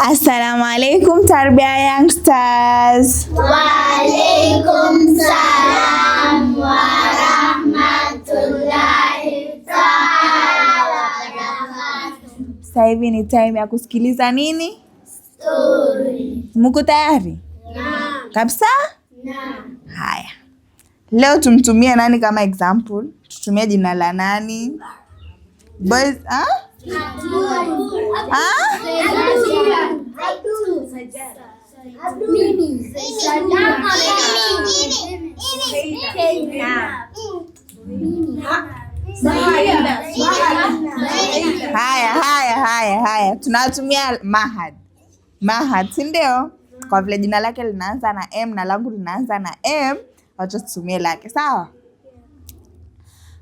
Assalamu alaikum Tarbiya Youngsters. Wa alaikum salam wa rahmatullahi taala wabarakatuh. Sasa hivi ni time ya kusikiliza nini? Story. Muko tayari? Naam. Kabisa? Naam. Haya. Leo tumtumie nani kama example? Tutumie jina la nani? Boys, ah? Huh? Haya, haya, haya, haya tunatumia mahad mahad, si ndio? Kwa vile jina lake linaanza na M na langu linaanza na M, wacha tutumie lake, sawa?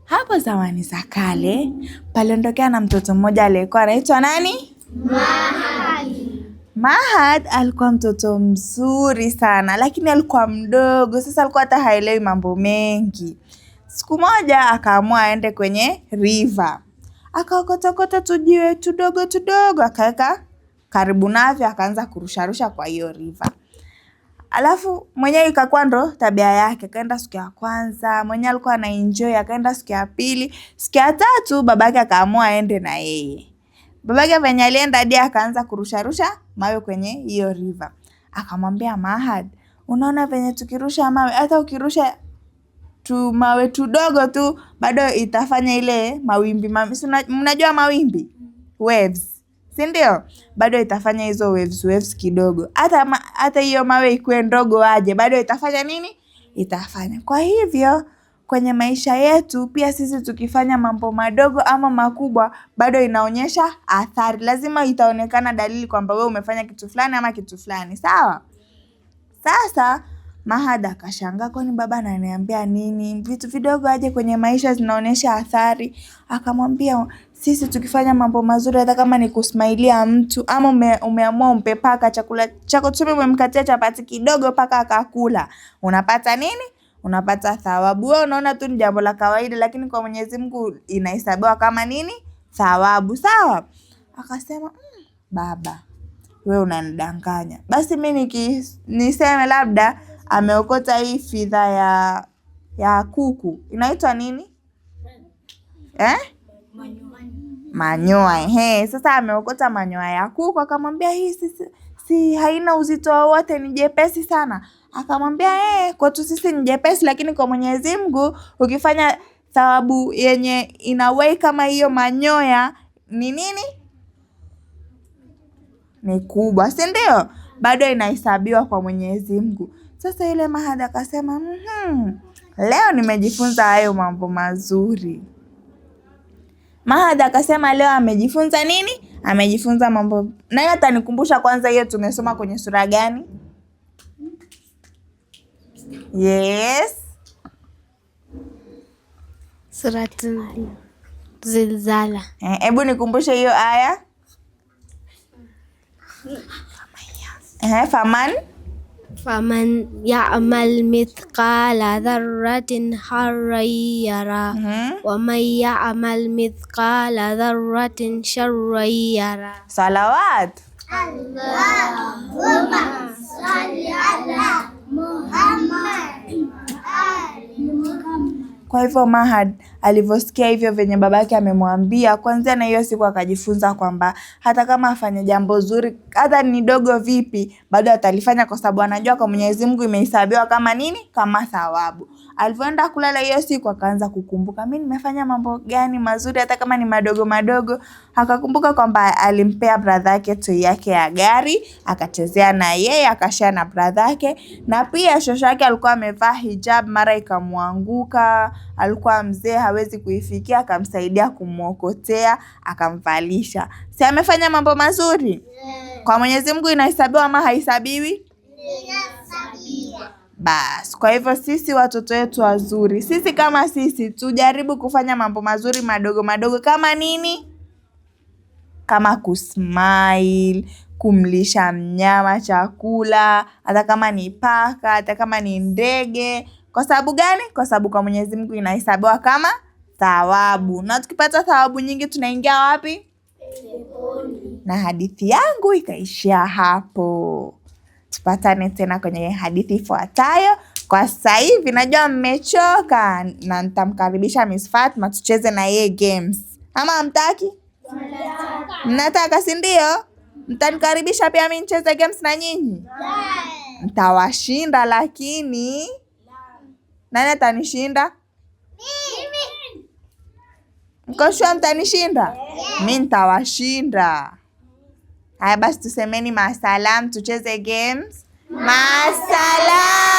Hapo zamani za kale paliondokea na mtoto mmoja aliyekuwa anaitwa nani? Mahad. Mahad alikuwa mtoto mzuri sana, lakini alikuwa mdogo. Sasa alikuwa hata haelewi mambo mengi. Siku moja akaamua aende kwenye river, akaokotokota tujiwe tudogo tudogo, akaweka karibu navyo, akaanza kurusharusha kwa hiyo river. Alafu mwenyewe ikakuwa ndo tabia yake, akaenda siku ya kwanza mwenye alikuwa ana enjoy, akaenda siku ya pili, siku ya tatu babake akaamua aende na yeye. Babake venye alienda hadi akaanza kurusharusha mawe kwenye hiyo river, akamwambia Mahad, unaona venye tukirusha mawe, hata ukirusha tu mawe tudogo tu bado itafanya ile mawimbi ma, mnajua mawimbi waves si ndio? Bado itafanya hizo waves waves kidogo, hata hata hiyo mawe ikuwe ndogo aje, bado itafanya nini? Itafanya. Kwa hivyo kwenye maisha yetu pia sisi tukifanya mambo madogo ama makubwa, bado inaonyesha athari. Lazima itaonekana dalili kwamba wewe umefanya kitu fulani ama kitu fulani, sawa? Sasa Mahada akashangaa kwani baba ananiambia nini? Vitu vidogo aje kwenye maisha zinaonyesha athari. Akamwambia sisi tukifanya mambo mazuri hata kama ni kusmailia mtu ama ume, umeamua umpe paka chakula chako tuseme umemkatia chapati kidogo paka akakula. Unapata nini? Unapata thawabu. Wewe unaona tu ni jambo la kawaida lakini kwa Mwenyezi Mungu inahesabiwa kama nini? Thawabu, sawa? Akasema mmm, baba, wewe unanidanganya. Basi mimi niseme labda ameokota hii fidha ya ya kuku inaitwa nini eh? Manyoa. Ehe, sasa ameokota manyoa ya kuku, akamwambia hii si, si haina uzito wowote, ni jepesi sana. Akamwambia eh, kwetu sisi ni jepesi, lakini kwa Mwenyezi Mungu ukifanya thawabu yenye ina kama hiyo manyoya ni nini, ni kubwa, si ndio? Bado inahesabiwa kwa Mwenyezi Mungu. Sasa yule mahadha akasema, mm-hmm, leo nimejifunza hayo mambo mazuri. Mahadha akasema leo amejifunza nini? Amejifunza mambo. Naye atanikumbusha kwanza, hiyo tumesoma kwenye sura gani? Yes, Suratu Zilzala. Eh, hebu nikumbushe hiyo aya. Eh, Faman فمن يعمل مثقال ذرة خيرا يرى ومن يعمل مثقال ذرة شرا يرى صلوات اللهم صل على محمد Kwa hivyo Mahad alivyosikia hivyo venye babake amemwambia, kwanzia na hiyo siku akajifunza kwamba hata kama afanye jambo zuri, hata ni dogo vipi, bado atalifanya kwa sababu anajua kwa Mwenyezi Mungu imehesabiwa kama nini, kama thawabu. Alivyoenda kulala hiyo siku akaanza kukumbuka, mimi nimefanya mambo gani mazuri, hata kama ni madogo madogo. Akakumbuka kwamba alimpea brother yake toy yake ya gari, akachezea na yeye, akashare na brother yake, na pia shosho yake alikuwa amevaa hijab, mara ikamwanguka alikuwa mzee hawezi kuifikia, akamsaidia kumwokotea, akamvalisha. Si amefanya mambo mazuri? Kwa Mwenyezi Mungu inahesabiwa ama haihesabiwi? Basi kwa hivyo sisi watoto wetu wazuri, sisi kama sisi tujaribu kufanya mambo mazuri madogo madogo, kama nini? Kama kusmile, kumlisha mnyama chakula, hata kama ni paka, hata kama ni ndege. Kwa sababu gani? Kwa sababu kwa Mwenyezi Mungu inahesabiwa kama thawabu, na tukipata thawabu nyingi tunaingia wapi? Na hadithi yangu ikaishia hapo. Tupatane tena kwenye hadithi ifuatayo. Kwa sasa hivi najua mmechoka, na nitamkaribisha Miss Fatma tucheze na yeye games, ama mtaki? Mnataka, si ndio? Mtanikaribisha pia mi nicheze games na nyinyi? Mtawashinda lakini nani atanishinda? mkoshua mtanishinda? Mi nitawashinda. Haya basi, tusemeni masalam, tucheze games. Masalam.